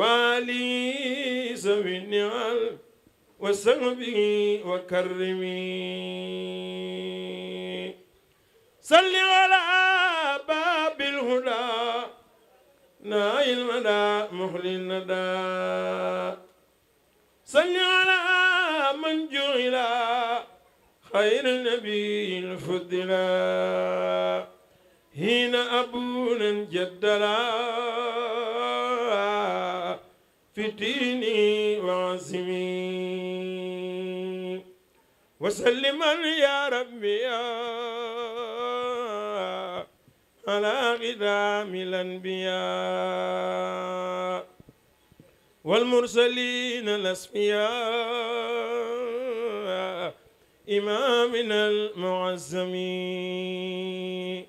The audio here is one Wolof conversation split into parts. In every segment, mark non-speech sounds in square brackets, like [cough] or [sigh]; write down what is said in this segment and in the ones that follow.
والي سوي النعال وسلبه وكرمي صل على باب الهدى ناي المدى مهل الندى صل على من جعل خير النبي الفضلا حين أبونا جدلا في ديني وعزمي وسلما يا ربي على غدام الأنبياء والمرسلين الأصفياء إمامنا المعزمين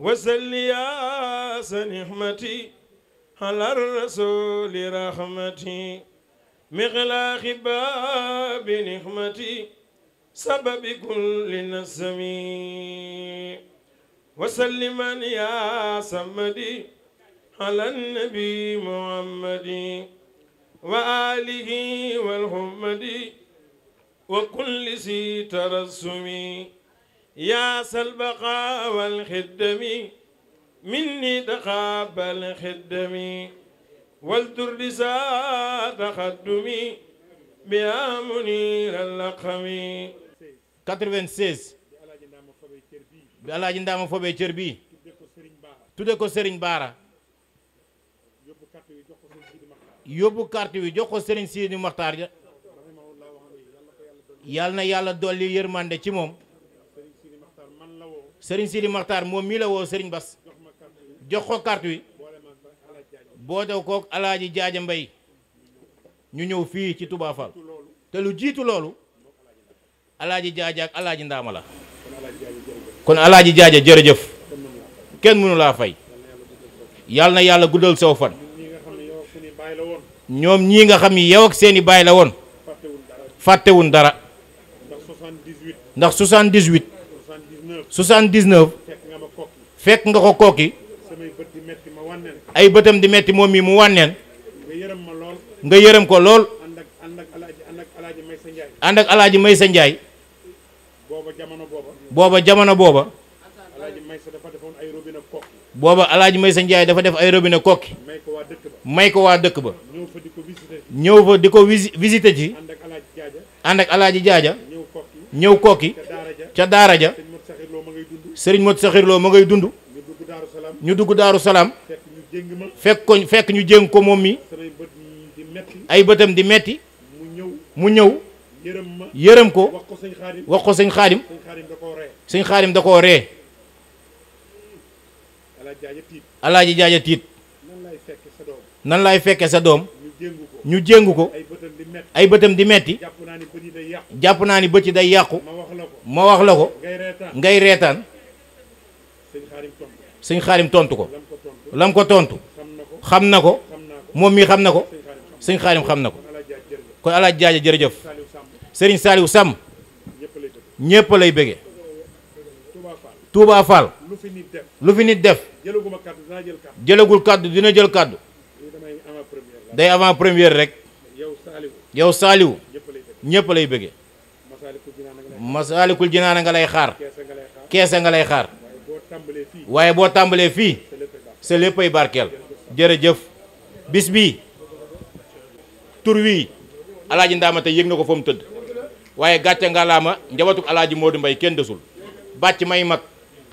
wasalli yaa sa nixmati ala rasuli rahmati mixlaaxi baabi nixmati sababi kulli nasami wasalliman yaa samadi ala nabi muhammadi wa alihi walhummadi wa kulli si tarasumi يا سلبقا والخدم مني تخاب الخدم والترلس تخدمي بيا منير اللقم 96 bi alaaji ndaama fobee cër bii tudde ko Serigne Baara yóbbu carte wi jox ko Serigne Sidi Maxtaar ja yàlla na yàlla dolli yërmande ci moom sëriñ Sidi Maxtaar moom mii la woo sëriñ Bas jox ko carte wi boo alaaji jaaja mbay ñu ñëw fii ci Touba te lu jiitu loolu alaaji jaaja ak alaaji ndaama la kon alaaji jaaja jërëjëf kenn mënu laa fay yàlla na yàlla guddal saw fan ñoom ñii nga xam ni yow ak seeni baay la woon fàttewun dara ndax 78 79 fekk nga ko kooki ay bëtam di metti moom mii mu wànneen nga yërëm ko lool ànd ak alaaji may sa njaay booba jamono booba booba alaaji may sa njaay dafa def ay robinet kokki may ko waa dëkk ba ñëw fa di ko visité ci ànd ak alaaji jaaja ñëw kokki ca daara ja sëriñ Modou Sakhir Lo ma ngay dund ñu dugg daaru salaam fekk ko fekk ñu jéng ko moom mi ay bëtam di metti mu ñëw yërëm ko wax ko sëñ xaadim sëñ xaadim da koo ree alaaji jaaja tiit nan laay fekke sa doom ñu jéngu ko ay bëtam di metti jàpp naa ni bët yi day yàqu ma wax la ko ngay reetaan sëñ xaadim tontu ko lam ko tontu xam na ko moom mii xam na ko sëñ xaadim xam na ko kon alaaj jaaja jërëjëf sëriñ saaliwu sàmm ñépp lay bëgge Touba Fall lu fi nit def jëlagul kàddu dina jël kàddu day avant première rek yow saaliwu ñépp lay bëgge masaalikul jinaan a nga lay xaar keesa nga lay xaar waaye boo tàmbalee fii sa léppay barkeel jërëjëf bis bi tur wii alaaji ndaama te yëg na ko fa mu tëdd waaye gàcce ngalaama njabatuk alaaji du Mbaye kenn desul bàcc may mag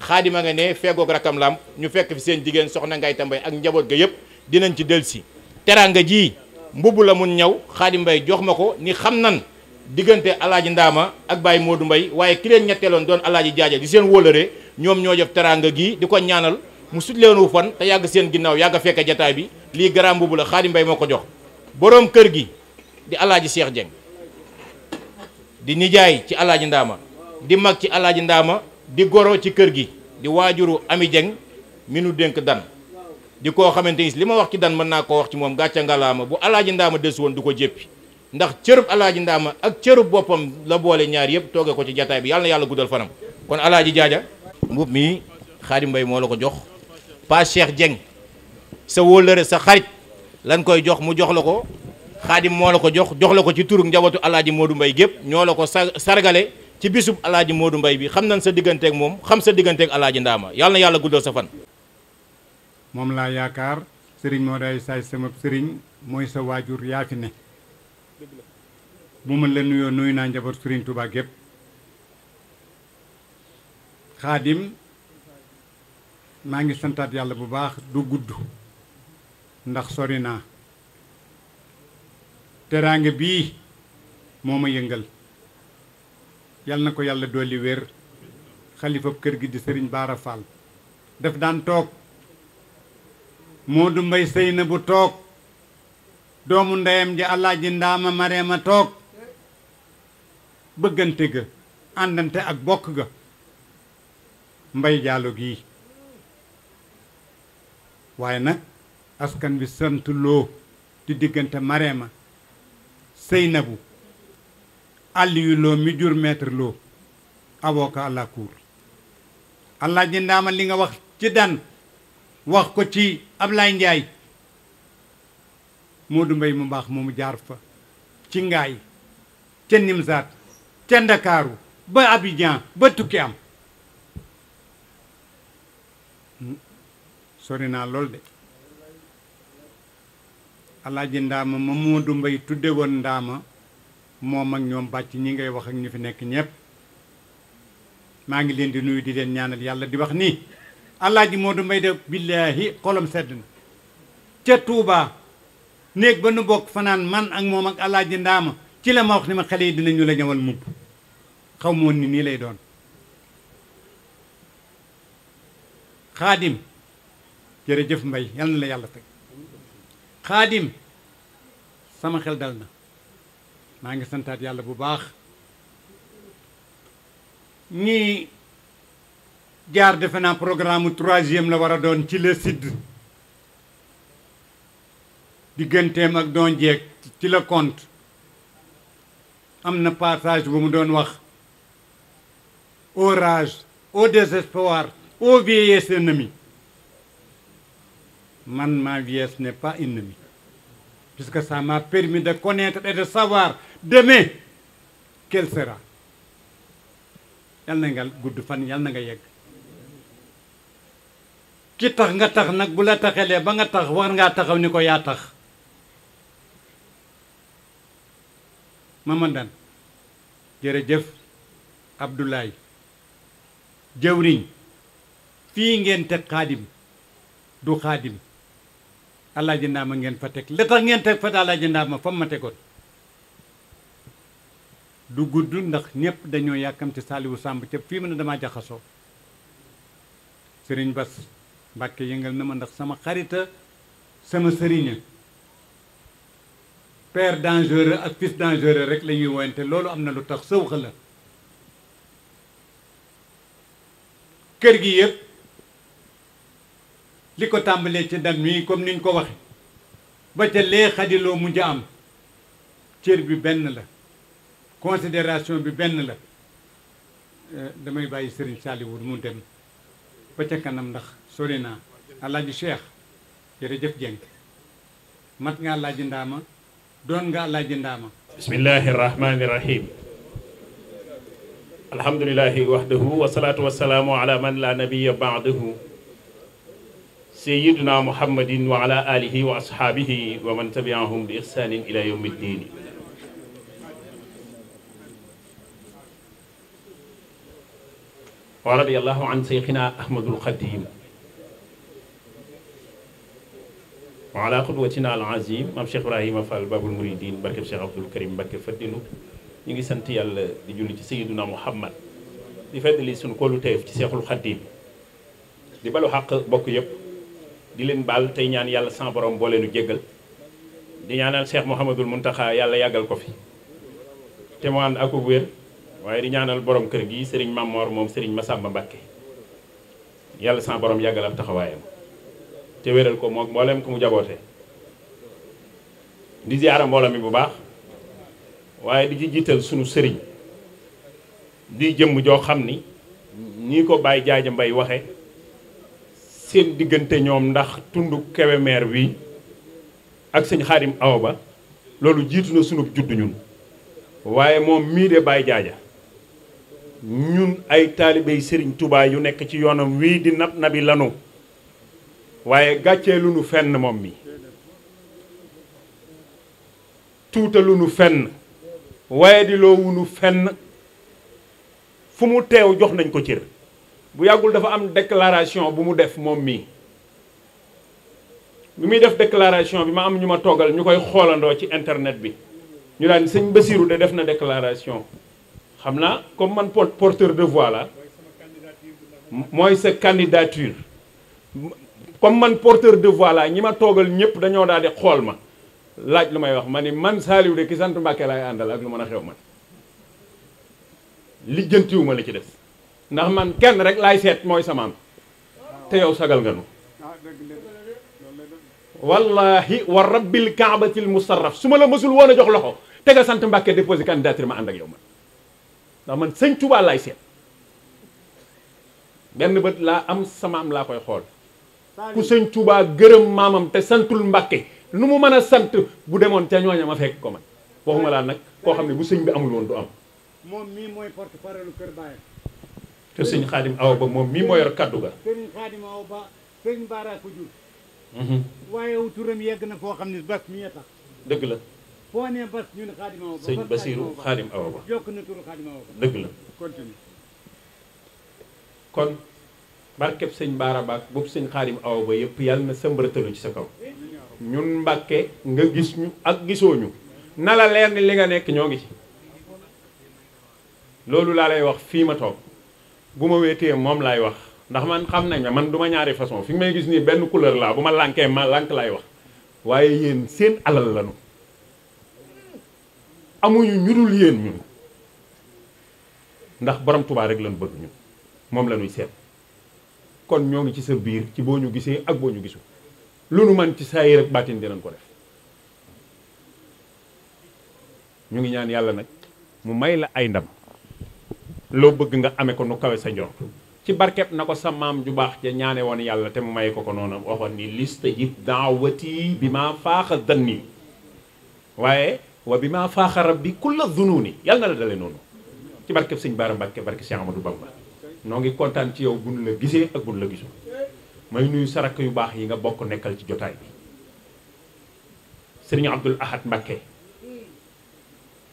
xaadima nga ne feggoog rakam lam ñu fekk fi seen jigéen soxna ngay tambay ak njaboot ga yëpp dinañ ci delsi teraanga ji mbubb la mun ñaw xaadim mbay jox ma ko ni xam nan diggante alaaji ndaama ak Baye Modou Mbaye waaye ki leen ñetteeloon doon alaaji jaaja di seen wóolëree ñoom ñoo def teraanga gi di ko ñaanal mu sut leenu fan te yàgg seen ginnaaw yàgg fekke jataay bi lii garaam boobu la Xaadim Mbay moo ko jox boroom kër gi di alaaji Cheikh jeng di nijaay ci alaaji Ndaama di mag ci alaaji Ndaama di goro ci kër gi di waajuru Ami Dieng mi nu dénk dan di koo xamante ni li ma wax ci dan mën naa koo wax ci moom gàcce ngalaama bu alaaji ndaama des woon du ko jéppi ndax cërub alaaji ndaama ak cërub boppam la boole ñaar yëpp toogee ko ci jataay bi yàlla yàlla guddal fanam kon mbub mii Xaadim Mbay moo la ko jox Pa Cheikh jeng sa wóllëre sa xarit lan koy jox mu jox la ko Xaadim moo la ko jox jox la ko ci turug njabootu Alaaji Moodu Mbay gépp ñoo la ko sargale ci bisub Alaaji Moodu Mbay bi xam nañ sa digganteek moom xam sa digganteeg Alaaji Ndaama yàlla na yàlla guddal sa fan moom laa yaakaar sëriñ moo day saay sama sëriñ mooy sa waajur yaa fi ne bu ma la nuyoo nuyu naa njaboot sëriñ Tuubaa gépp xaadim maa ngi santaat yàlla bu baax du gudd ndax sori naa teraange bii moo ma yëngal yal na ko yàlla dolli wér xalifa kër gi di sëriñ Baara Fall daf daan toog moo Moodu Mbay sëy na bu toog doomu ndeyam ji Alaaji Ndaama Mareema toog bëggante ga àndante ak bokk ga mbay jàllo gii waaye nag askan bi sant loo di diggante Marema Seynabu Aliyu Loo mi jur maître Loo avocat à la cour allah ji ndaama li nga wax ci dan wax ko ci Ablaye Ndiaye Moodu Mbay mu mbaax moomu jaar fa ci ngaay ca Nimsaat ca Ndakaaru ba Abidjan ba tukki am sori naa lool de alaaji ndaama ma Moodu Mbay tudde woon ndaama moom ak ñoom bàcc ñi ngay wax ak ñu fi nekk ñépp maa ngi leen di nuyu di leen ñaanal yàlla di wax nii alaaji Moodu Mbay de billaahi xolam sedd na ca Tuubaa néeg ba nu bokk fanaan man ak moom ak alaaji ndaama ci la ma wax ni ma xale yi dinañu la ñëwal mubb xaw moon ni nii lay doon xaadim jërëjëf mbay yal na la yàlla teg xaadim sama xel dal na maa ngi santaat yàlla bu baax ñii jaar defe naa programme troisième la war a doon ci la sidd digganteem ak doon jeeg ci la compte am na passage bu mu doon wax au rage au désespoir au vieillesse ennemie man ma vieillesse ne pas ennemie puisque ça m'a permis de connaître et de savoir deme quelle sera yal na nga gudd fan yal na nga yegg ki tax nga tax nag bu la taxelee ba nga tax war ngaa taxaw ni ko yaa tax mamandan jërëjëf Abdoulaye jëwriñ fii ngeen teg xaadim du xaadim alaaji ma ngeen fa teg li tax ngeen teg fa alaaji ndaama fa ma tegoon du gudd ndax ñëpp dañoo yàkkamte saaliwu sàmb ca fii mu ne damaa jaxasoo sëriñ bas mbàkke yëngal na ma ndax sama xarita sama sëriña père dangereux ak fils dangereux rek lañuy ñuy woyante loolu am na lu tax sëwxa la kër gi yëpp li ko tàmbalee ci dam mii comme ni ñu ko waxe ba ca lee xadiloo mujj am cér bi benn la considération bi benn la euh, damay bàyyi Serigne Saliou mu dem ba ca kanam ndax sori naa alaaji Cheikh jërëjëf Dieng mat nga ji ndaama doon nga alaaji ndaama bismillahi irrahmani irrahim alhamdulilahi laa wasalatu wasalaamu ala man la nabiya baadahu sayyiduna muhammadin wa ala alihi wa ashaabihi wa man tabiahum bi ihsanin ila yawmi ddin wa radiyallahu an seyxina ahmadul xadim wa ala xudwatina al azim maam Cheikh Ibrahima Fall babul muridin barkeb Cheikh Abdul Karim Mbakke faddinu ñu ngi sant yàlla di julli ci sayyiduna muhammad di feddali suñu kóolu teef ci seexul xadim di balu xàq bokk yëpp di leen baal tey ñaan yàlla sans borom boo leenu jéggal di ñaanal Cheikh mun Mountakha yàlla yàggal ko fi te mu ànd ak wér waaye di ñaanal borom kër gi sëriñ Mamor moom ma Massamba Mbacké yàlla sans borom yàggal ab taxawaayam te wéral ko moo mboolem ko mu jaboote di ziara mbooloo mi bu baax waaye di ci jiital sunu sëriñ di jëmm joo xam ni nii ko Baye Jaaja Mbay waxe seen diggante ñoom ndax tund Kébémer wi ak sëñ xaarim aw ba loolu jiitu na sunub juddu ñun waaye moom mii de Baye Jaaja ñun ay taalibey sëriñ Touba yu nekk ci yoonam wii di nab nabi lanu waaye gàccee lu nu fenn moom mi tuutalu nu fenn waaye di loowu nu fenn fu mu teew jox nañ ko cër bu yàggul dafa am déclaration bu mu def moom mii bi muy def déclaration bi ma am ñu ma toggal ñu koy xoolandoo ci internet bi ñu daan sëñ Basiru de def na déclaration xam naa comme man porteur de voix la mooy sa candidature comme man porteur de voix la ñi ma toogal ñëpp dañoo daal di xool ma laaj lu may wax ma ni man Saliou de ki sant Mbàkke laay àndal ak lu mën a xew man lijjantiwuma la ci des ndax man kenn rek laay seet mooy sa te yow sagal nga nu wallahi wa rabbil kaabatil musarraf su ma la mësul woon a jox loxo te nga sant Mbàkke déposé candidature ma ànd ak yow man ndax man sëñ Tuubaa laay seet benn bët laa am sama laa koy xool ku sëñ Tuubaa gërëm maamam te santul Mbàkke nu mu mën a sant bu demoon ca ñooña ma fekk ko man ma laa nag koo xam ne bu sëñ bi amul woon du am moom mii kër sëñ xaadim awa ba moom mii moo yor kaddu ga sëñ xaadim awa ba sëñ mhm. dëgg la sëñ ba ba dëgg la continue kon barkeb sëñ baara baak boobu sëñ xaadim awa ba yëpp yàlla na sëmbaratalu ci sa kaw ñun mbàkke nga gis ñu ak gisoo ñu na la li nga nekk ñoo ngi loolu laa lay wax fii ma toog bu ma wéetee moom laay wax ndax man xam nañ ne man du ma ñaari façon fi may gis nii benn couleur laa bu ma lànkee ma lànk laay wax waaye yéen seen alal lañu amuñu ñu dul yéen ñun ndax borom tubaa rek lañu bëgg ñun moom la ñuy seet kon ñoo ngi ci sa biir ci boo ñu gisee ak boo ñu gisu lu nu man ci sa yi rek baatin dinañ ko def ñu ngi ñaan yàlla nag mu may la ay ndam loo bëgg nga amee ko nu kawe sa njort ci barkeb na ko sa maam ju baax ja ñaane woon yàlla te mu may ko ko noonu waxoon ni listajib daawati bi maa faaxa danni waaye wa bi maa faaxa rabbi kulla zunuuni yàlla na la dale noonu ci barkeb sëñ Baara Mbàkke barke Cheikh Amadou Bamba noo ngi kontaan ci yow buñ la gisee ak buñ la gisu may nuyu sarak yu baax yi nga bokk nekkal ci jotaay bi sëriñ Abdul Ahad Mbàkke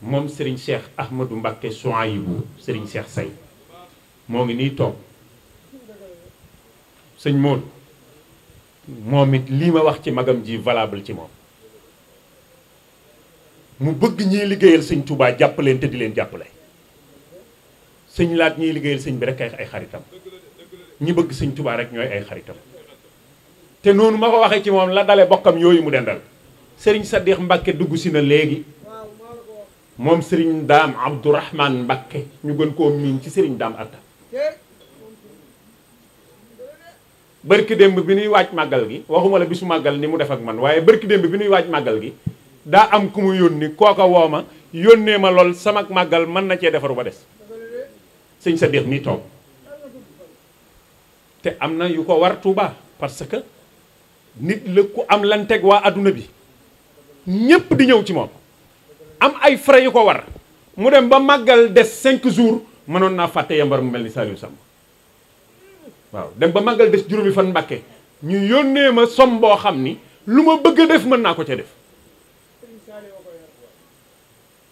moom Serigne Cheikh Ahmadou Mbacké Souaïbou sëriñ Cheikh Say moo ngi nii toog sëñ Maodo moom it lii ma wax ci magam ji valable ci moom mu bëgg ñiy liggéeyal sëñ tubaa jàpp leen te di leen jàppale sëñ laat ñiy liggéeyal sëñ bi rek ay xaritam ñi bëgg sëñ Touba rek ñooy ay xaritam te noonu ma ko waxee ci moom la dale bokkam yooyu mu dendal Serigne Sadikh Mbacké dugg si na léegi. moom sëriñ daam abdourahman mbakke ñu gën koo miin ci sëriñ daam atta bërki démb bi nuy waaj màggal gi waxuma la bisu màggal ni mu def ak man waaye bërki démb bi nuy waaj màggal gi daa am ku mu yónni kooka woo ma yónnee ma lool sama màggal mën na cee defaru ba des sëñ sa déex mi toog te am na yu ko war Tuuba parce que nit la ku am lanteeg waa adduna bi ñépp di ñëw ci moom am ay frais yu ko war mu dem ba màggal des cinq jours mënoon naa fàtte yambar mu mel ni Saliou Samb waaw dem ba màggal des juróomi fan Mbàkke ñu yónnee ma som boo xam ni lu ma bëgg a def mën naa ko ca def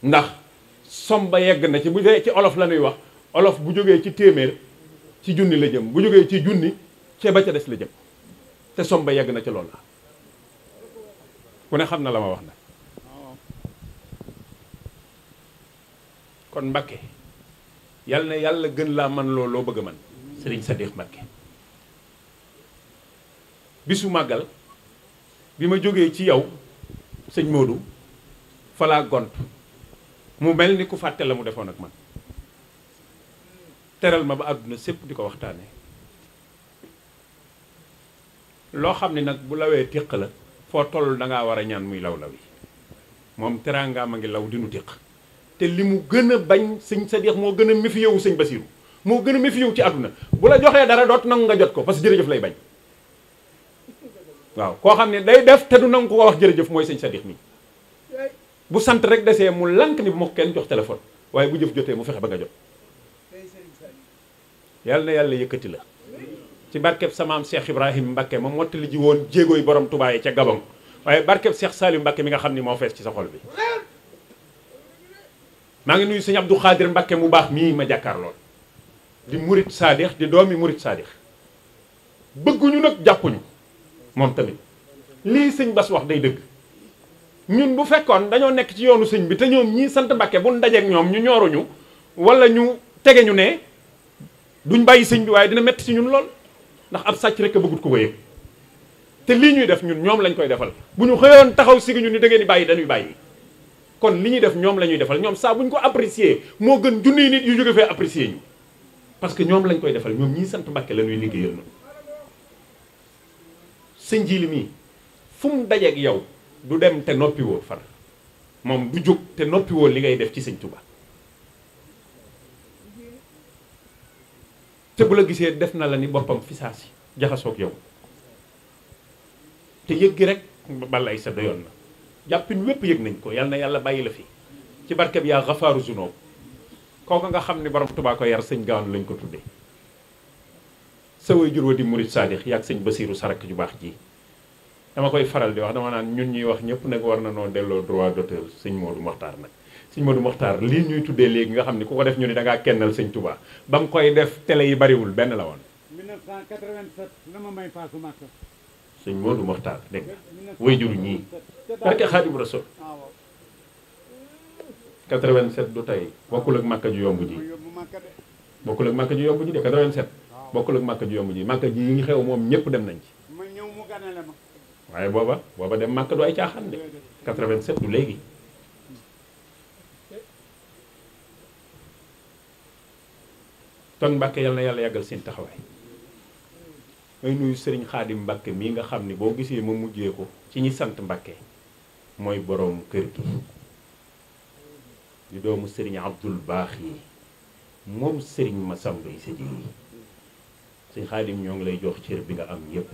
ndax som ba yegg na ci bu dee ci olof la ñuy wax olof bu jógee ci téeméer ci junni la jëm bu jógee ci junni cee ba ca des la jëm te som ba yegg na ci loolu la ku ne xam na la ma wax na kon Mbakke yal na yàlla gën laa man looloo bëgg a man sëriñ Sadikh Mbakke bisu màggal bi ma jógee ci yow sëñ Modou falaa gont mu mel ni ku fàtte la mu defoon ak man teral ma ba àdduna sépp di ko waxtaane loo xam ne nag bu lawee tiq la foo toll dangaa war a ñaan muy law law yi moom teraangaam a ngi law di nu tiq te li mu gën a bañ sëñ Sadikh moo gën a méfiyé wu sëñ Basiru moo gën a méfiyé wu ci àdduna bu la joxee dara doot nangu nga jot ko parce que jërëjëf lay bañ waaw koo xam ne day def te du nangu ko wax jërëjëf mooy sëñ Sadikh mi bu sant rek desee mu lank ni bu ma kenn jox téléphone waaye bu jëf jotee mu fexe ba nga jot yàlla na yàlla yëkkati la ci barkeb samaam Cheikh Ibrahim Mbacke ma mottali ji woon jéegooy borom Touba yi ca Gabon waaye barkeb Cheikh Salim Mbacke mi nga xam ni moo fees ci sa bi maa ngi nuyu sëñ du Khadir Mbacke mu baax mii ma jàkkaar lool di murit saadix di doomi murit saadix bëgguñu nag jàppuñu moom tamit lii sëñ Bas wax day dëgg ñun bu fekkoon dañoo nekk ci yoonu sëñ bi te ñoom ñii sant Mbacke bu ndajeek ñoom ñu ñooruñu wala ñu tege ñu ne duñ bàyyi sëñ bi waaye dina metti ci ñun lool ndax ab sàcc rek a bëggut ko wéyee te lii ñuy def ñun ñoom lañ koy defal bu ñu xëyoon taxaw sigi ñu ni da ngeen bàyyi dañuy bàyyi. kon li ñuy def ñoom la ñuy defal ñoom saa bu ko apprécier moo gën junniy nit yu jóge fee apprécier ñu parce que ñoom lañ koy defal ñoom ñii sant Mbàkke la ñuy liggéeyal na sëñ Jili mii fu mu dajeeg yow du dem te noppi woo far moom du jóg te noppi li ngay def ci sëñ Tuubaa te bu la gisee def na la ni boppam fi saa si jaxasoog yow te yëg gi rek balay sa doyoon na jàppin wépp yëg nañ ko yal na yàlla bàyyi la fi ci barkeb yaa xafaaru zunoob kooku nga xam ne borom Tuubaa ko yar sëñ gaawaan nañ ko tudde sa way jur wa di murit saadix yaag sëñ basiiru sarak ju baax ji dama koy faral di wax dama naan ñun ñuy wax ñëpp nag war na noo delloo droit d'auteur sëñ Modou Mokhtar nag sëñ Modou Mokhtar lii ñuy tuddee léegi nga xam ne ku ko def ñu ne da ngaa kennal sëñ Touba ba nga koy def tele yi bariwul benn la woon 1987 la ma may sëñ barke Xaadimu Rasuul 87 du tey bokkul ak màkka ju yomb ji bokkul ak màkka ju yomb ji de 87 bokkul ak màkka ju yomb ji màkka ji yi ngi xew moom ñëpp dem nañ ci waaye booba booba dem màkka du ay caaxaan de 87 du léegi kon Mbàkke yal yàlla yàggal seen taxawaay may nuyu sëriñ Xaadim mbakke mii nga xam ni boo gisee ma mujjee ko ci ñi sant Mbàkke mooy boroom kër gi di doomu sëriñ Abdul Baax yi moom sëriñ Masamba yi sa yi sëñ Xaadim ñoo ngi lay jox cër bi nga am yépp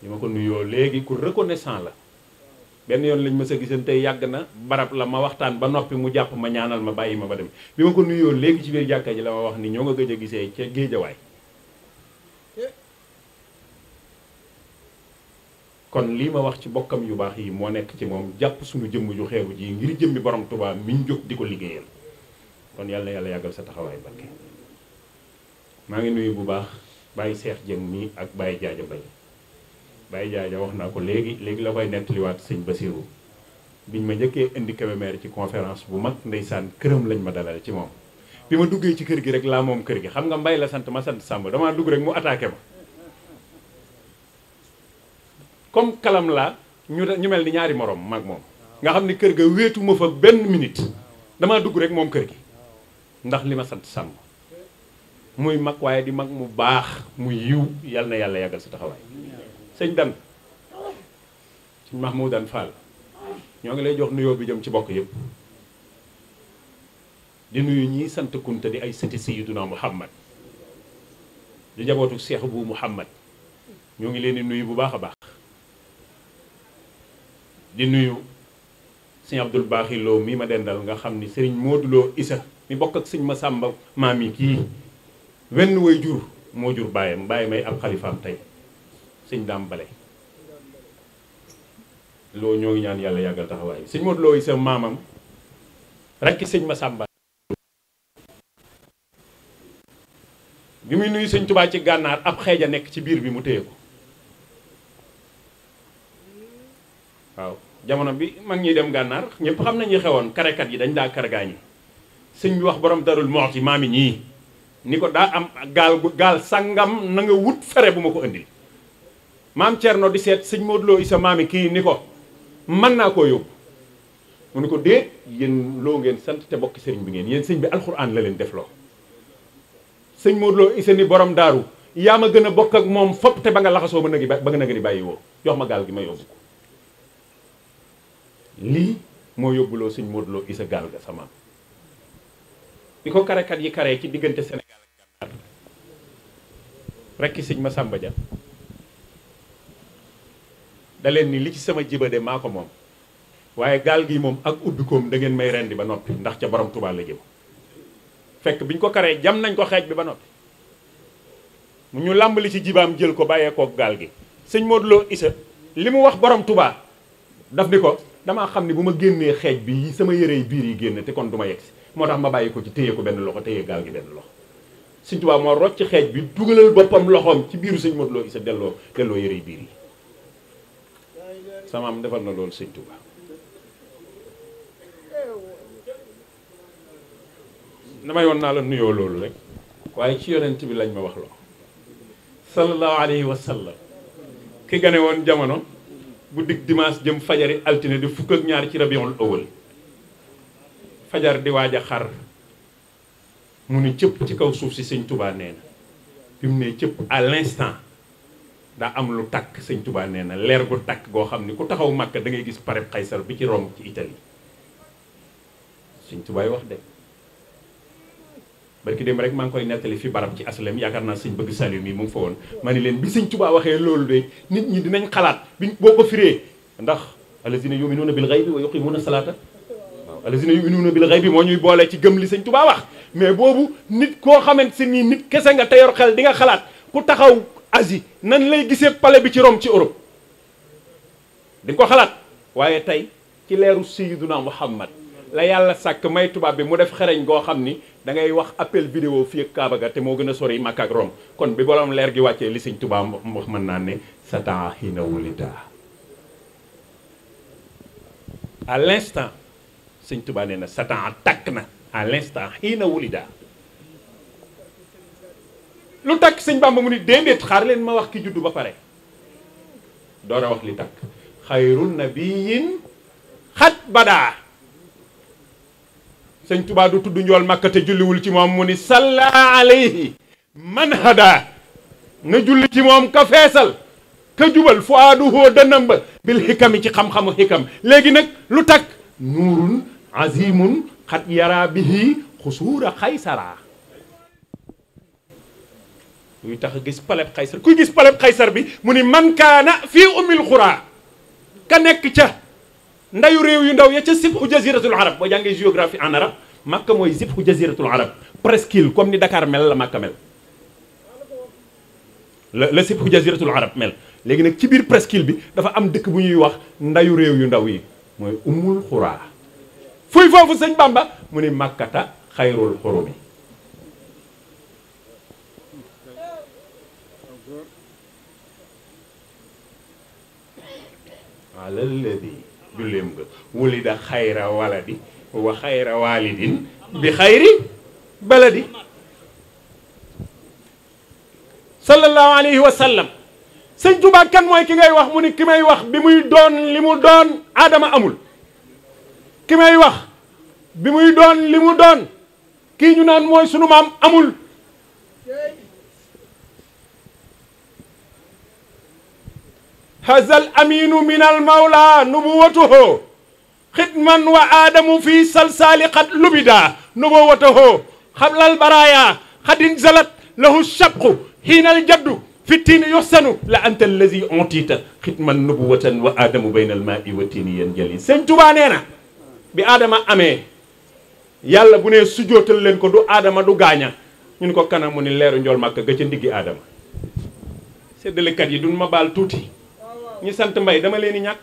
li ma ko nuyoo léegi ku reconnaissant la benn yoon lañ ma sa giseen tey yàgg na barab la ma waxtaan ba noppi mu jàpp ma ñaanal ma bàyyi ma ba dem bi ma ko nuyoo léegi ci biir jàkka ji la ma wax ni ñoo nga gëj a gisee ca géejawaay kon lii ma wax ci bokkam yu baax yi moo nekk ci moom jàpp suñu jëmm ju xeewu ji ngir jëmmi borom tubaab mi ñu jóg di ko liggéeyal kon yàlla na yàlla yàggal sa taxawaay barke maa ngi nuyu bu baax Baye Cheikh jën mi ak Baye Jaaja Bay Baye Jaaja wax naa ko léegi léegi la koy nettaliwaat sëñ bi ñu ma njëkkee indi Kébémer ci conférence bu mag ndeysaan këram lañ ma dalal ci moom bi ma duggee ci kër gi rek laa moom kër gi xam nga mbay la sant ma sant Samba damaa dugg rek mu attaqué ma comme kalam laa ñu da ñu mel ni ñaari moroom mag moom nga xam ni kër ga wéetuma ma fa benn minit damaa dugg rek moom kër gi ndax li ma sant sàmm muy mag waaye di mag mu baax mu yiw yàlla na yàlla yàggal sa taxawaay sëñ Dan sëñ Mahmoudan Fall ñoo ngi lay jox nuyoo bi jëm ci bokk yëpp di nuyu ñiy sant kunta di ay sëti sayyiduna Muhammad di jabootu seex bu Muhammad ñoo ngi leen di nuyu bu baax a baax di nuyu sëñ Abdul baaxiloo Lo mi ma dendal nga xam ni sëriñ Modou Lo Issa mi bokk ak sëñ Masamba maam yi kii wenn way jur moo jur bàyyam bàyyi may ab xalifaam tey sëñ daam bale loo ñoo ngi ñaan yàlla yàggal taxawaay bi sëñ Modou Lo Issa maamam rekk ma Masamba bi muy nuyu sëñ Tubaa ci gànnaar ab a nekk ci biir bi mu téye ko jamono bi mag ñi dem gànnaar ñëpp xam nañu xewoon karekat yi dañ daa kargaañi sëñ bi wax borom darul moo mooti maami ñii ni ko daa am gaal gu gaal sangam nanga wut fare bu ma ko indil maam noo di seet sëñ Modou Lo Issa maami kii ni ko mën naa koo yóbbu mu ni ko déet yéen loo ngeen sant te bokk sëriñ bi ngeen yéen sëñ bi alxuraan la leen def loo sëñ Modou Lo Issa ni borom daaru yaa ma gën a bokk ak moom fopp te ba nga laxasoo ba nag ba nga nag ni bàyyi woo jox ma ma yóbbu lii moo yóbbuloo sëñ Modou Lo isa gaal ga sama bi ko karekat yi karee ci diggante Sénégal ak Gambie rekk sëñ ma Samba Dia da leen ni li ci sama jibade maa moom waaye gaal gi moom ak ubbikoom da ngeen may rendi ba noppi ndax ca borom tubaa la jëm fekk biñ ko karee jam nañ ko xeej bi ba noppi mu ñu làmb li ci jibaam jël ko bàyyee kook gaal gi sëñ Modou Lo isa li mu wax borom tubaa daf ni ko damaa xam ne bu ma génnee xeej bi sama yërey biir yi génn te kon du ma yegsi moo tax ma bàyyi ko ci téye ko benn loxo téye gaal gi benn loxo Sëñ Tuubaa moo rocc xeej bi dugalal boppam loxoom ci biiru sëñ Modou loolu Issa delloo delloo yërey biir yi sama am defal na loolu Sëñ Tuubaa damay woon naa la nuyoo loolu rek waaye ci yonent bi lañ ma wax loo sallallahu alayhi wa sallam ki gane woon jamono bu guddig dimanche jëm fajari altine di fukk ak ñaar ci rabiul awal fajar di waaja xar mu ni cëpp ci kaw suuf si sëñ tubaa nee bi mu nee cëpp à l'instant daa am lu takk sëñ tubaa nee na leer gu takk goo xam ni ku taxaw màkk da ngay gis pareb xaysar bi ci romb ci itali sëñ tubaay wax de barki dem rek maa ngi koy nettali fi barab ci aslem yaakaar naa sëñ bëgg Saliou mi mu ngi fa woon ma ne leen bi sëñ Tuubaa waxee loolu de nit ñi dinañ xalaat bi boo ko firee ndax alazina yuminuuna bil ghaybi wa yuqimuuna salaata moo ñuy boolee ci gëm li sëñ Tuubaa wax mais boobu nit koo xamante si nii nit kese nga te yor xel di nga xalaat ku taxaw Asie nan lay gisee pale bi ci Rome ci Europe di ko xalaat waaye tey ci leeru Sayyiduna Muhammad la yàlla sàkk may tubaab bi mu def xereñ goo xam ni da ngay wax appel vidéo fii ak Kaaba ga te moo gën a sori Makka ak Rome kon bi borom leer gi wàccee li sëñ Tuubaa wax mën naa ne satan hina wulida à l'instant sëñ Tuubaa nee na satan takk na à l'instant hina wulida lu takk sëñ Bàmba mu ni déedéet xaar leen ma wax ki juddu ba pare door a wax li takk xayrul nabiyin xat badaa sëñ tubaa du tudd njool màkka te julliwul ci moom mu ni salla alayhi man hada na julli ci moom ka feesal ka jubal fu aaduhoo dënam ba bil xikami ci xam-xamu xikam léegi nag lu takk nuurun azimun xat yara bihi xusuura xaysara luy tax gis paleb xaysar kuy gis paleb xaysar bi mu ni man kaana fii umil xuraa ka nekk ca ndayu réew yu ndaw ya ca sibhu jaziratul arab boo jàngee géographie en arabe Makka mooy sibhu jaziratul arab presqu'île comme ni Dakar mel la Makka mel la la jaziratul arab mel léegi nag ci biir presqu'île bi dafa am dëkk bu ñuy wax ndayu réew yu ndaw yi mooy umul xuraa fuy foofu sëñ Bamba mu ni makkata xayrul xurumi alalladi julleem ga wulida xayra waladi wa xayra walidin bi xayri baladi sallallahu alayhi wa sallam sëñ Tuubaa kan mooy ki ngay wax mu ni ki may wax bi muy doon li mu doon aadama amul ki may wax bi muy doon li mu doon kii ñu naan mooy sunu maam amul hazal aminu minal mawla nubuwatuhu xidman wa aadamu fi salsaali xat lubida nubuwatuhu xablal baraya xadin zalat lahu shabqu hiinal jaddu fi tiini la anta allazi ontiita xidman nubuwatan wa aadamu baynal maa'i wa tiini yan jali sëñ Tuubaa aadama amee yàlla bu nee sujootal leen ko du aadama du gaaña ñu ko kanam mu ni leeru njool màkk ga ca ndiggi aadama séddalekat yi duñ ma baal tuuti ñu sant mbay dama leen ñàkk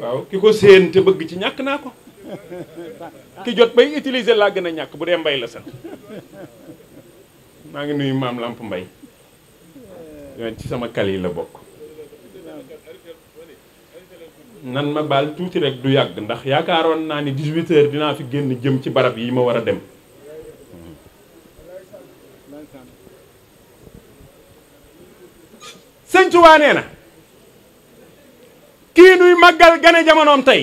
waaw ki ko séen te bëgg ci ñàkk naa ko [laughs] ki jot bay utiliser laa gën a ñàkk bu dee mbay la sant maa ngi nuyu maam làmp mbay ci sama kal yi la bokk nan ma baal tuuti rek du yàgg ndax yaakaaroon naa ni 18 heures dinaa fi génn jëm ci barab yi ma war a dem Tuubaa na kii nuy màggal gane jamonoom tey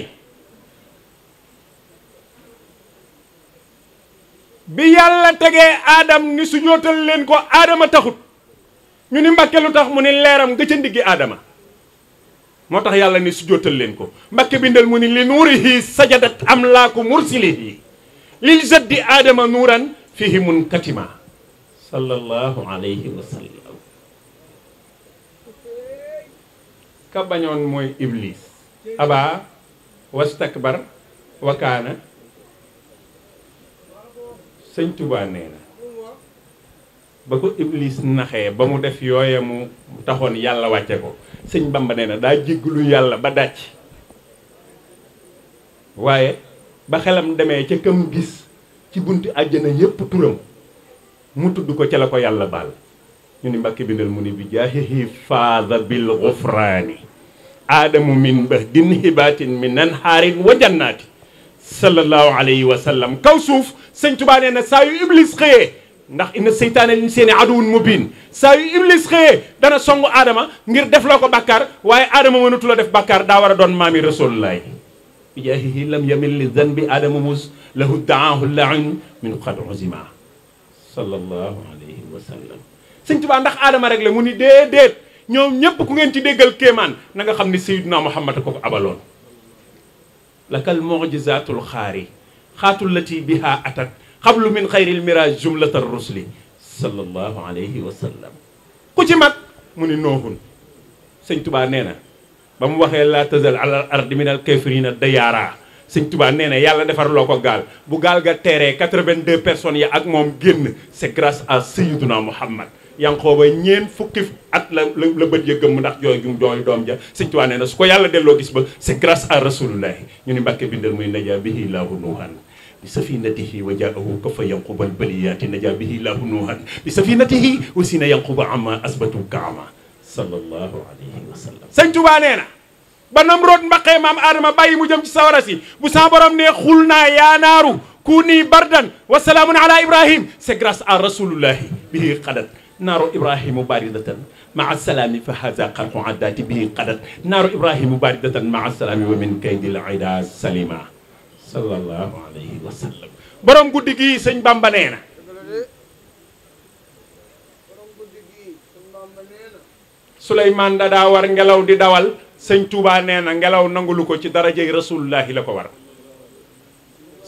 bi yàlla tegee aadam ni su leen ko aadama taxut ñu ni mbàkke lu tax mu ni leeram nga ca ndiggi aadama moo tax yàlla ni su leen ko mbàkke bindal mu ni li nuurihi sajadat am laa ko mursilihi lil jaddi aadama nuuran fihi munkatima sallallahu alayhi ka mooy iblis aba wastakbar wakaana sëñ Tuubaa na ba ko iblis naxee ba mu def yooye mu taxoon yàlla wàcce ko sëñ Bamba na daa jéggalu yàlla ba dàcc waaye ba xelam demee ca kam gis ci bunti àjjana yépp turam mu tudd ko ca la ko yàlla baal ñu ni Mbàkke bindal mu ni bi jaahihi faada bil gufraani aadamu min bahdin hibaatin min anhaarin wa jannaati sallallahu alayhi wa sallam kaw suuf sëñ Tuubaa nee na saa yu iblis xëyee ndax inna seytaane liñ seeni aduwun mubin saa yu iblis xëyee dana songu aadama ngir def loo ko bàkkaar waaye aadama mënatu la def bàkkaar daa war a doon maami rasulullahi bi jaahihi lam yamil li zanbi aadama mus lahu daahu lain min qad uzima sallallahu alayhi wa sallam sëñ Tuubaa ndax aadama rek la mu ni déedéet ñoom ñépp ku ngeen ci déggal kéemaan na nga xam ni Seydina Muhammad ko abaloon lakal mu'jizatul xaari xaatul lati biha atat xablu min xayril miraj jumlatar rusli sallallahu alayhi wa sallam ku ci mag mu ni noohun sëñ Tuubaa nee na ba mu waxee la tazal alal ardi min al kafirina dayaaraa sëñ Tuubaa nee yàlla defar loo ko gaal bu gaal ga teeree 82 personnes yi ak moom génn c'est grâce à Seydina Muhammad Yankooba ñeen fukki at la la bët ya gëmm ndax jooy jum jooy doom ja sëñ Tuubaa nee na su ko yàlla delloo gis ba c'est grâce à rasulullahi ñu ni mbàkke bindal muy najaa bihi laahu nuuhan bi safinatihi wa jaahu kafa yanquba albaliyaati najaa bihi laahu nuuhan bi safinatihi wasina yanquba ama asbatu kaama sallallahu alayhi wa sallam sëñ Tuubaa nee na ba Namrood mbaqee maam Adama bàyyi mu jëm ci sawara si bu sa borom ne xul naa yaa naaru kuuni bardan wa salaamun ala ibrahim c'est grâce à rasulullahi bihi xadat naaru ibrahimu baridatan maa salaami fa haza xarqu addaati bii qadat naaru ibrahimu baridatan maa salaami wa min di dawal sëñ tuubaa nee na ngelaw nangulu ko ci darajey rasulullahi la ko war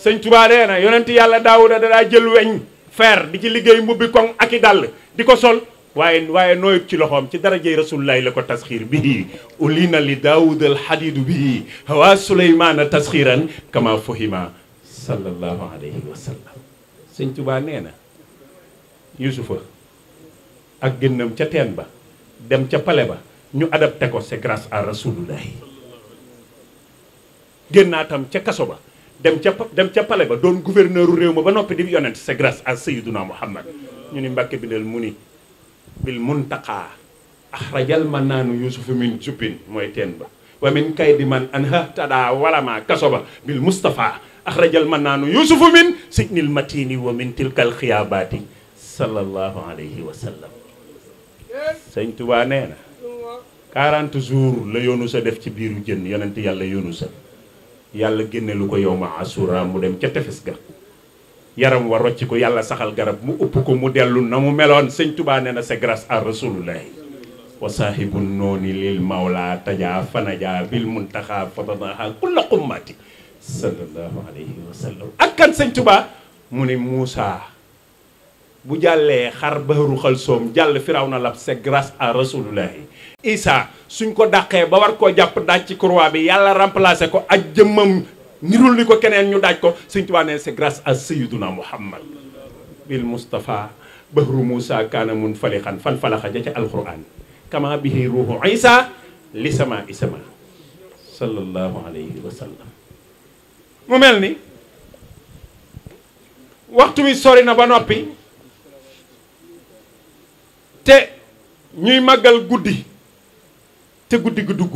sëñ tuubaa nee na yonent yàlla daawuda da daa jël weñ fer di ci liggéey bi koŋ ak i dàll di ko sol waaye waaye nooyut ci loxoom ci dara darajey rasulullahi la ko tasxiir bii ulina li daawud al xadidu bii hawa suleymaana tasxiiran kama fahima sallallahu alayhi wa sallam sëñ nee na yusufa ak génnam ca teen ba dem ca pale ba ñu adapté ko c'est grâce à rasulullahi génnaatam ca kaso ba dem ca dem ca pale ba doon gouverneur réew ma ba noppi di yonent c'est grâce à Sayyiduna Muhammad ñu ni Mbàkke bindal mu ni bil muntaqa axrajal ma naanu yusufu min jubbin mooy teen ba wa min kaydi man anha tadaa wala ma kaso ba bil Mustafa axrajal ma naanu yusufu min sijnil matini wa min tilkal xiyaabaati sallallahu alayhi wa sallam sëñ na 40 jours la yoonu sa def ci biiru jën yonent yàlla yoonu sa yàlla génne lu ko yow ma mu dem ca tefes ga yaram wa rocc ko yàlla saxal garab mu upp ko mu dellu na mu meloon sëñ tubaa nee na c'est grâce à rasulullahi wa saahibu nooni lil mawla tajaa fanaja bil muntaxa fatanaha kulla qummati sallallahu alayhi wa tubaa mu ne Moussa bu jàllee xar baharu xalsoom jàll firaw na lab c'est grâce à rasulullahi Isa suñ ko dàqee ba war koo jàpp daaj ci croix bi yàlla remplacé ko ak jëmmam nirul li ko keneen ñu daaj ko Sëñ Tuubaa ne c'est grâce à Sayyiduna Muhammad bil Mustafa bahru Moussa kaana mun falixan fan falaxa ja ca alquran kama bihi ruuhu Isa li sama isama alayhi wa mu mel ni waxtu wi sori na ba noppi te ñuy màggal guddi ci guddi gi dugg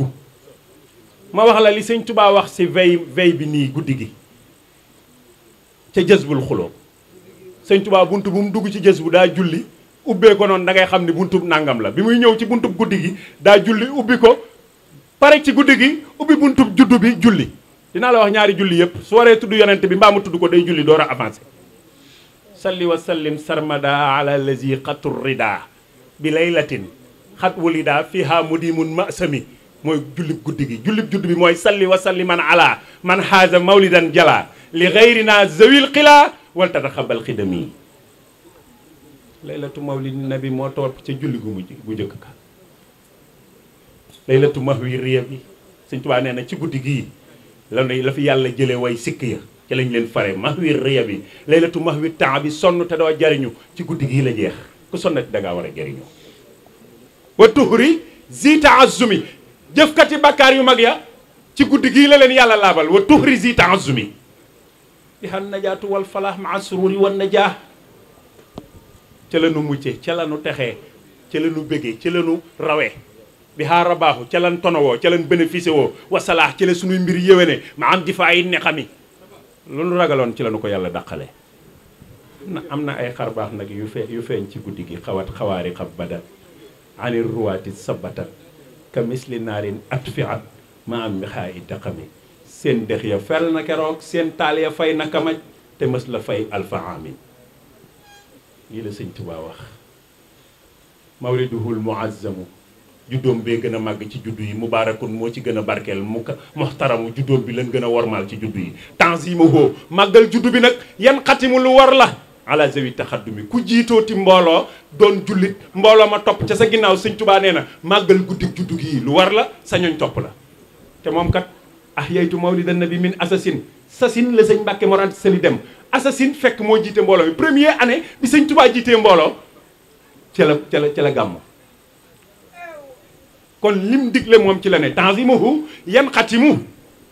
ma wax la li sëñ Tubaa wax ci vey vey bi nii guddi gi ca jësbul xuloo sëñ Tubaa bunt bu mu dugg ci jës bu daa julli ubbee ko noonu da xam ni buntub nangam la bi muy ñëw ci buntub guddi gi daa julli ubbi ko pare ci guddi gi ubbi buntub juddu bi julli dinaa la wax ñaari julli yëpp su waree tudd yonent bi mbaa mu tudd ko day julli door a avancé salli wa sallim sarmada ala lazi xatur rida bi xat wulida fiha mudimun masami mooy jullib guddi gi jullib judd bi mooy salli wa salli man ala man xaaza mawlidan jala li gayrina zawil xila wal tataxabal xidami laylatu mawlidi nabi moo topp ca julli gu mujj gu njëkk ka laylatu mahwi riya bi Sëñ Tuubaa nee na ci guddi gii la fi yàlla jëlee way sikk ya ci lañ leen fare mahwi riya bi laylatu mahwi temps bi sonn te doo jariñu ci guddi gii la jeex ku sonn da war a jariñu wa tuhri zi taazumi jëfkati bàkkaar yu mag ya ci guddi gii la leen yàlla laabal wa tuhri zi taazumi biha najaatu wal falah maa sururi wan najah ca la nu mujje ca la nu texee ca la nu béggee ca la nu rawee bi xaar rabaaxu ca lan tonowoo ca lan bénéficié woo wasalaax ci la suñuy mbir yéwéne ma am difaa yi ne xami loolu ragaloon ci la nu ko yàlla dàqale na am na ay xar baax nag yu fe yu feeñ ci guddi gi xawat xawaari xab badal ani ruwaati sabatat ka misli naarin atfiat ma am mi xaa i daqami seen dex ya fel na keroog seen taal ya fay na kamaj te mës la fay alfa amin lii la sëñ Tuubaa wax mawliduhul muazzamu juddoom bee gën a màgg ci juddu yi mubaarakun moo ci gën a barkeel mu ka moxtaramu juddoom bi lan gën a wormaal ci juddu yi temps hoo màggal juddu bi nag yan xatimu lu war la ala zawi taxaddumi ku jiitooti mbooloo doon jullit mbooloo ma topp ca sa ginnaaw sëñ tubaa nee na màggal guddik juddug yi lu war la sañoñ topp la te moom kat ah yaytu mawlida nabi min assasine sasin la sëñ mbàkke morant sali dem assasine fekk moo jiite mbooloo mi première année jiitee mbooloo ca la ca ca la gàmmu kon lim digle moom ci la ne tanzimuhu yan xatimu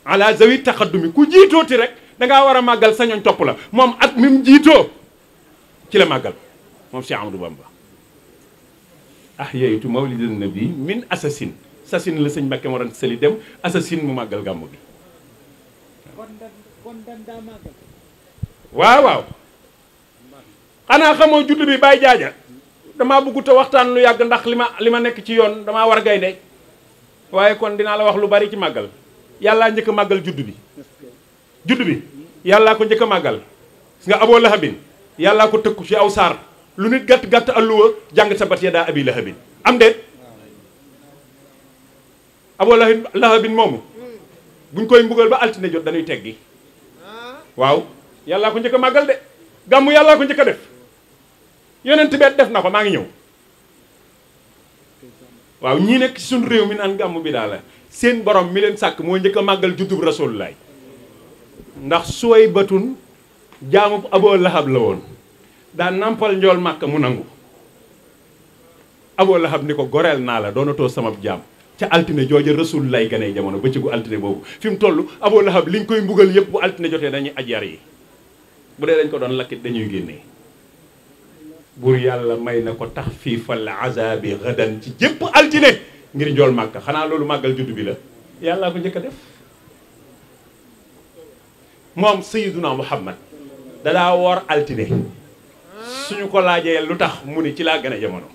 ala zawi taxaddumi ku jiitooti rek da war a màggal sañoñ topp la moom at mi mu jiitoo ci la màggal moom Cheikh Amadou Bamba ah yeytu mawlidin nabi min assasine sasin la sëñ Mbàkke Moran Sali dem assasine mu màggal gàmmu bi waaw waaw xanaa xamoo judd bi bàyyi jaaja damaa bëggut a waxtaan lu yàgg ndax li ma li ma nekk ci yoon damaa war gaynde waaye kon dinaa la wax lu bari ci màggal yàllaa njëkk a màggal judd bi judd bi yàllaa ko njëkk a màggal gis nga aboo lahabin yàllaa ko tëkku ci aw saar lu nit gàtt gàtt alluwa jàng sabat ya daa abi lahabin am déet aboo lahabin moomu buñ koy mbugal ba altine jot dañuy teggi waaw yàllaa ko njëkk a màggal de gàmmu yàllaa ko njëkk a def yonent beet def na ko maa ngi ñëw waaw ñii nekk ci suñu réew mi naan gàmmu bi daal seen borom mi leen sàkk moo njëkk a màggal juddub rasulullaay ndax sooy batun jaamu aboo lahab la woon daa nampal njool màkk mu nangu aboo lahab ni ko goreel naa la doonatoo sama jaam ca altine jooja rasul lay ganee jamono bëccëgu altine boobu fi mu toll aboo lahab liñ koy mbugal yëpp altine jotee dañuy aj yar yi bu dee dañ ko doon lakkit dañuy génnee buur yàlla may na ko tax fiifal azabi gadan ci jëpp altine ngir njool màkka xanaa loolu màggal juddu bi la yàllaa ko njëkk a def moom sayiduna muhammad dalaa woor altine suñu ko laajee lu tax mu ni ci laa gën a jamono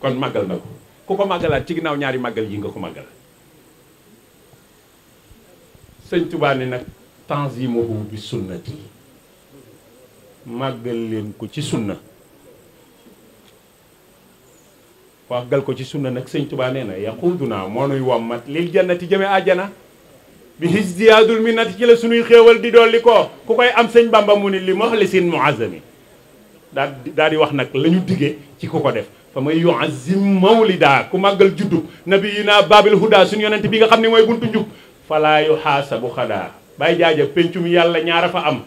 kon màggal na ko ku ko màggalaat ci ginnaaw ñaari màggal yi nga ko màggal sëñ nag ni yi tanzimuhu bi sunnati màggal ko ci sunna màggal ko ci sunna nag sëñ Tuubaa nee na yaquuduna moo nuy wommat lil jannati jëme àjjana bi his ziyaadul mi nati ci la suñuy xéewal di dolli ko ku koy am sëñ Bamba mu ni li muxlisin muazami daal di daal di wax nag lañu ñu ci ku ko def fa may yuazim mawlida ku màggal juddu nabiyina babil huda suñu yonent bi nga xam ne mooy buntu njub falaa yu xaasa bu xadaa bàyyi jaaja pencum yàlla ñaar a fa am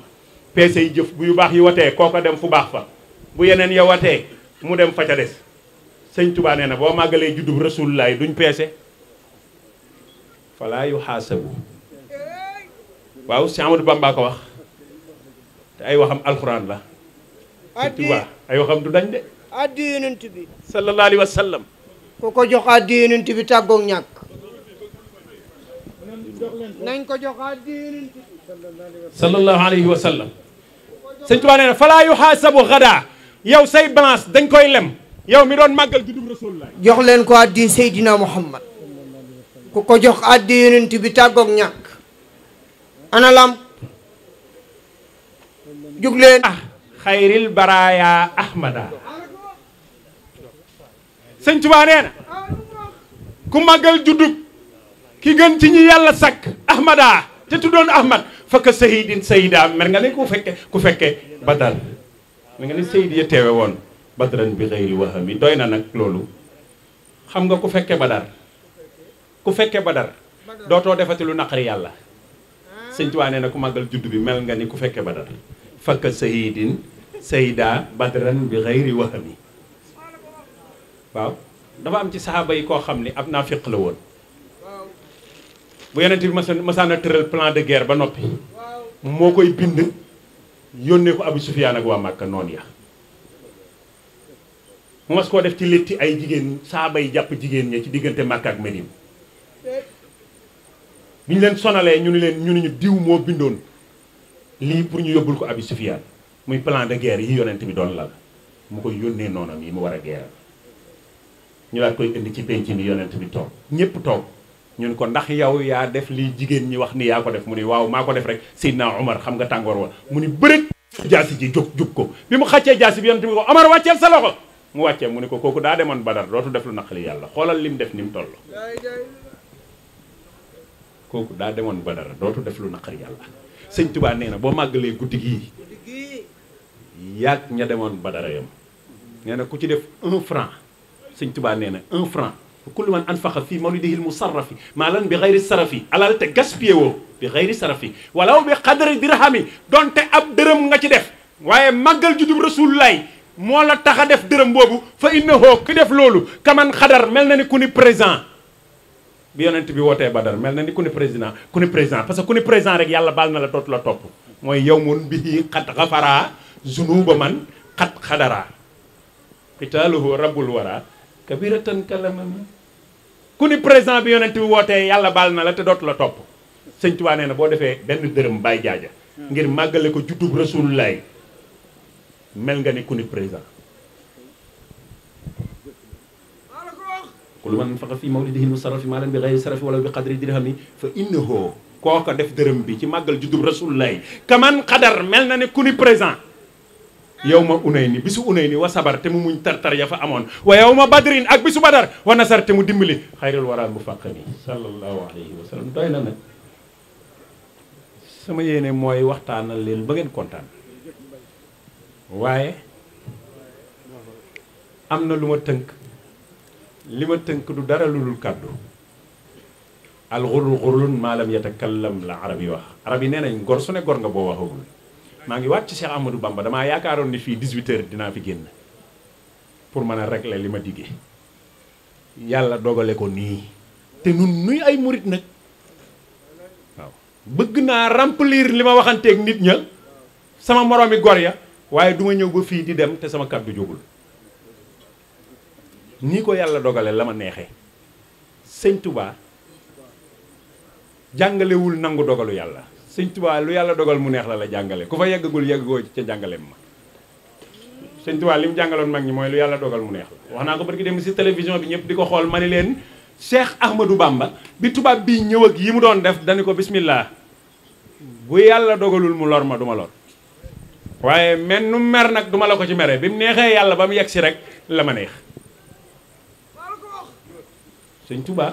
peese yi jëf bu yu baax yi watee ko dem fu baax fa bu yeneen ya watee mu dem fa ca des sëñ Tuubaa nee na boo màggalee juddub rasulullah duñ peese falaa yu xaasabu waaw si Amadou Bamba ko wax te ay waxam alxuraan la. addi waaw ay waxam du dañ de. addi yonent bi. sallallahu alayhi ku ko jox addi yonent bi tàggoog ñàkk. nañ ko jox addi yonent bi. sallallahu alayhi wa yu yow say balance dañ koy lem yow mi doon màggal juddum rasulullah jox leen ko addi Seydina Muhammad ku ko jox addi yonent bi tàggoog ñàkk. ana lam jug leen ah xayril baraaya ahmada sëñ Tuubaa na ku màggal juddug ki gën ci ñi yàlla sakk ahmada te tuddoon ahmad fakka sayidin sayida mer nga ne ku fekke ku fekke badal mer nga ne sayid ya teewe woon badran bi xëyri wahami doy na nag loolu xam nga ku fekke badar ku fekke badar dootoo defati lu naqari yàlla sëñ Tuubaa nee na ku màggal juddu bi mel nga ni ku fekke badar fakka sayidin sayda badran bi xayri wahami waaw dafa am ci saaba yi koo xam ni ab naafiq la woon bu yonent bi masaana tëral plan de guerre ba noppi moo koy bind yónnee ko Abu Sufyaan ak waa Màkka noon ya mu mas koo def ci létti ay jigéen saaba yi jàpp jigéen ña ci diggante Màkka ak Medine bi ñu leen sonalee ñu ni leen ñu ni ñu diw moo bindoon lii pour ñu yóbbul ko Abi Sufyaan muy plan de guerre yi yonent bi doon lal mu ko yónnee noonam yi mu war a guerre ñu daal koy indi ci penc mi yonent bi toog ñëpp toog ñu ni ko ndax yow yaa def lii jigéen ñi wax ni yaa ko def mu ni waaw maa ko def rek naa Omar xam nga tàngoor wa mu ni bërëg jaasi ji jóg jóg ko bi mu xàccee jaasi bi yonent bi ko Omar wàcceel sa loxo mu wàccee mu ni ko kooku daa demoon Badar dootu def lu naqali yàlla xoolal lim def ni mu toll kooku daa demoon ba dara dootu def lu naqar yàlla sëñ Tuubaa nee na boo màggalee guddi gii yàgg ña demoon ba dara yam nee ku ci def un franc sëñ Tuubaa nee na un franc kullu man anfaqa fii mawlidihil musarrafi maalan bi xayri sarafi alal te gaspillé woo bi xayri sarafi walaw bi xadari dirhami donte ab dërëm nga ci def waaye màggal judum rasulullaay moo la tax a def dërëm boobu fa innahu ki def loolu kaman xadar mel na ni ku ni présent bi yonent bi wootee ba Badar mel na ni ku ne président ku ne président parce que ku ne président rek yàlla baal na la dootu la topp mooy yawmun bihi xat xafaraa zunuba man xat xadaraa xitaaluhu rabbul waraa kabiratan kalamam ku ni président bi yonent bi wootee yàlla baal na la te dootu la topp sëñ Tuubaa na boo defee benn dërëm bàyyi jaaja ngir màggale ko juddub rasulullaay mel nga ni ku ni président kulu man faqa fi mawlidihi musarrafi maalan bi xayri sarafi wala bi qadri dirhami fa innahu kooka def dërëm bi ci màggal juddub rasulullahi kaman xadar mel na ne ku ni présent yow ma unay ni bisu unay wa sabar te mu muñ tartar ya fa amoon wa yow ma badrin ak su badar wa nasar te mu dimbali xayril wara mu fàq ni sallallahu alayhi wa sallam doy na nag sama yéene mooy waxtaanal leen ba ngeen kontaan waaye am na lu ma tënk li ma tënk du dara lu dul kàddu al xurul xurulun maalam yatakallam la arab yi wax arab yi nee nañ gor su ne gor nga boo waxagul maa ngi wàcc Cheikh Amadou Bamba damaa yaakaaroon ni fii 18h dinaa fi génn pour man a régler li ma diggee yàlla dogale ko nii te nun nuy ay murit nag waaw bëgg naa remplir li ma waxanteeg nit ña sama moroomi gor ya waaye du ma ñëw ba fii di dem te sama kàddu jógul nii ko yàlla dogale la ma neexee sëñ tubaa jàngalewul nangu dogalu yàlla sëñ tubaa lu yàlla dogal mu neex la la jàngale ku fa yeggagul yeggagoo ci jàngaleem ma sëñ tubaa li mu jàngaloon mag ñi mooy lu yàlla dogal mu neex la wax naa ko barki dem si télévision bi ñëpp di ko xool ma ni leen Cheikh Ahmadou bàmba bi tubaab bii ñëw yi mu doon def dañu ko bismillah bu yàlla dogalul mu lor ma duma ma lor waaye men nu mer nag duma la ko ci mere bi mu neexee yàlla ba mu yegg si rek la ma neex sëñ Touba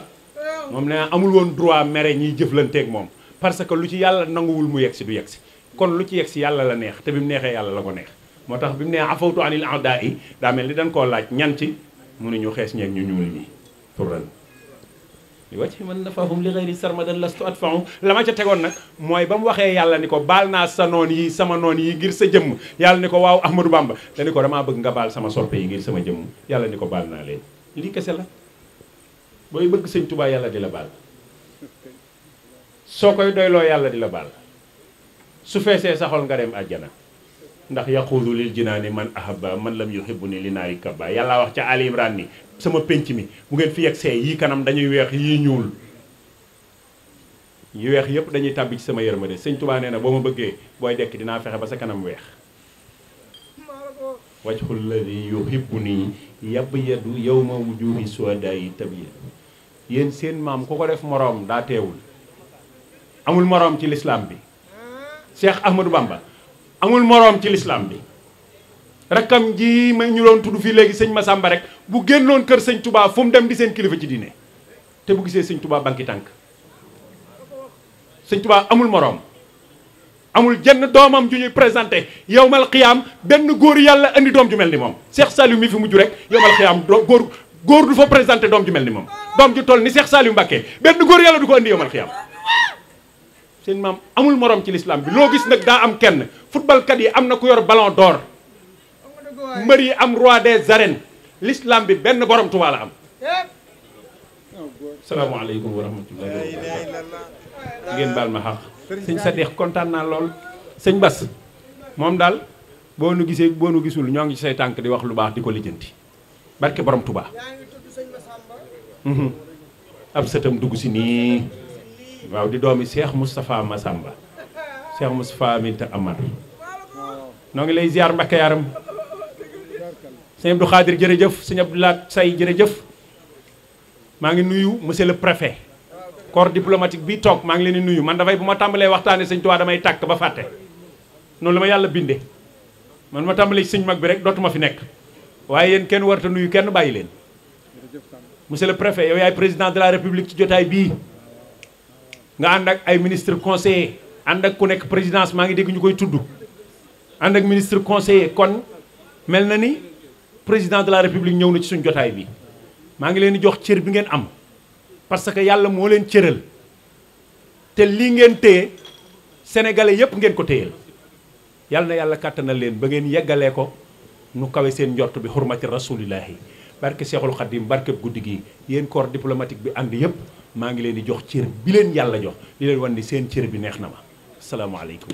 moom nee amul woon droit mere ñiy jëflanteeg moom parce que lu ci yàlla nanguwul mu yegsi du yegsi kon lu ci yegsi yàlla la neex te bi mu neexee yàlla la ko neex moo tax bi mu nee afawtu anil adaa yi daa mel ni dañ koo laaj ñan ci mu ñu xees ñu ñuul ñi pour lan li wàcc man nafaahum li xëyri sarmadan lastu atfahu la ma ca tegoon nag mooy ba mu waxee yàlla ni ko baal naa sa noon yi sama noon yi ngir sa jëm yàlla ni ko waaw Ahmadou Bamba dani ko damaa bëgg nga baal sama soppe yi ngir sama jëmm yàlla ni ko baal naa leen lii kese la booy bëgg sëñ Tuubaa yàlla di la baal soo koy doyloo yàlla di la baal su feesee saxool nga dem àjjana ndax yaqulu lil jinaani man ahaba man lam yuhibbu ni li naari kabba yàlla wax ca Ali Imran sama pénc mi bu ngeen fi yegsee yii kanam dañuy weex yii ñuul yu weex yëpp dañuy tàbbi ci sama yërmande sëñ Tuubaa nee na boo ma bëggee booy dekk dinaa fexe ba sa kanam weex wajhu lladi yuhibbu nii yabyadu yawma wujuhi suwadaayi tabya yéen seen maam ku ko def moroom daa teewul amul moroom ci lislaam bi Cheikh Ahmadou Bamba amul moroom ci lislaam bi rakkam ji ma ñu doon tudd fii léegi sëñ Massamba rek bu génnoon kër sañ tubaa fu mu dem di seen kilifa ci diine te bu gisee sëñ Touba banki tànk sëñ tubaa amul moroom amul jenn doomam ju ñuy présenté yow mal xiyaam benn góor yàlla indi doom ju mel ni moom Cheikh Saliou mi fi mujj rek yow mal xiyaam góor góor du fa présenté doom ju mel ni moom doom ju toll ni Cheikh Saliou Mbacké benn góor yàlla du ko andi yowmal xiyaam seen maam amul moroom ci l'islam bi loo gis nag daa am kenn footballkat yi am na ku yor ballon d'or mbër yi am roi des arènes l'islam bi benn borom Tuubaa la am salaamaaleykum wa rahmatullahi wa barakatu ngeen baal ma xaq sëñ lool sëñ Bass moom daal boo nu gisee boo nu gisul ñoo ngi ci say tànk di wax lu baax di ko lijjanti barke borom Touba. Mhm. ab sëtam dugg si nii waaw di doomi Cheikh Moustapha Massamba Cheikh Moustapha Minta Amar noo ngi lay ziar Mbacke Yaram sëñ Abdou Khadir jërëjëf sëñ Abdou Laat Say jërëjëf maa ngi nuyu monsieur le préfet corps diplomatique bi toog maa ngi leen di nuyu man dafay bu ma tàmbalee waxtaane sëñ Touba damay tàkk ba fàtte noonu la ma yàlla binde man ma tàmbalee ci mag bi rek dootuma fi nekk waaye yéen kenn warta nuyu kenn bàyyi leen monsieur le préfet yow yaay président de la république ci jotaay bii nga ànd ak ay ministre conseiller ànd ak ku nekk présidence maa ngi dégg ñu koy tudd ànd ak ministre conseiller kon mel na ni président de la république ñëw na ci suñu jotaay bi maa ngi leen di jox cër bi ngeen am parce que yàlla moo leen cëral te lii ngeen téye sénégalais yépp ngeen ko téyel yàlla na yàlla kàttanal leen ba ngeen yeggalee ko nu kawe seen njort bi xurmati rasulillahi barke Seexul Xadim barke guddi gi yéen corps diplomatique bi ànd yëpp maa ngi leen di jox cër bi leen yàlla jox li leen wan ni seen cër bi neex na ma salaamaaleykum.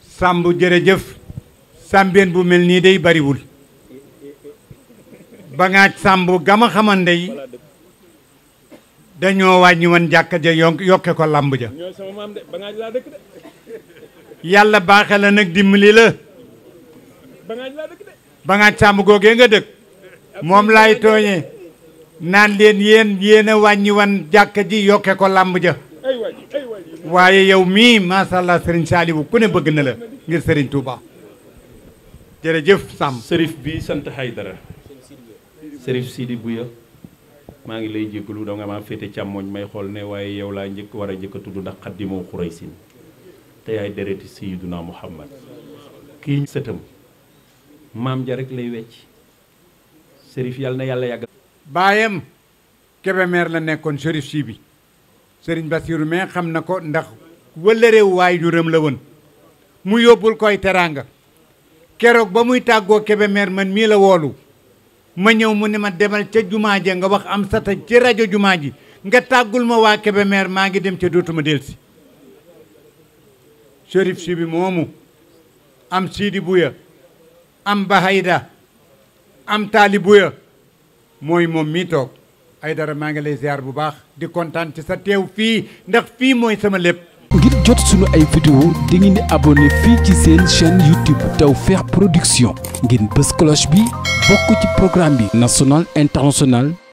Samb jëf sambeen bu mel nii day bariwul. ba sàmb Samb gama xamande yi dañoo wàññi wan jàkka ja yokke ko làmb ja. yàlla baaxe la nag dimbali la. ba ngaan sàmm googee nga dëkk moom laay tooñee naan leen yéen yéen a wàññi wan jàkka ji yokke ko làmb ja waaye yow mii macha allah Serigne Saliou ku ne bëgg na la ngir Serigne Touba jërëjëf sàmm sërif bi sant Haydara sërif bu ya maa ngi lay jégalu danga maa féete càmmoñ may xool ne waaye yow laa njëkk war a njëkk a tudd ndax xaddimoo xuraysin te yaay dereti Sayyiduna Muhammad kii maam ja rek lay wecc sërif yàlla na yàlla yàgg baayam Kébémer la nekkoon sërif si bi sëriñ Basiru mais xam na ko ndax wëllëreew waay juram la woon mu yóbbul koy teraanga keroog ba muy tàggoo Kébémer man mii la woolu ma ñëw mu ne ma demal ca jumaa ja nga wax am sata ci rajo jumaa ji nga tàggul ma waa Kébémer maa ngi dem ca dootuma delsi sërif si bi moomu am bu buya am ba Hayda am taalibu ya mooy moom mii toog ay dara maa ngi lay ziar bu baax di kontaan ci sa teew fii ndax fii mooy sama lépp. ngir jot sunu ay vidéo di ngeen di abonné fii ci seen chaîne YouTube Tawfekh Production ngeen bës cloche bi bokk ci programme bi national international.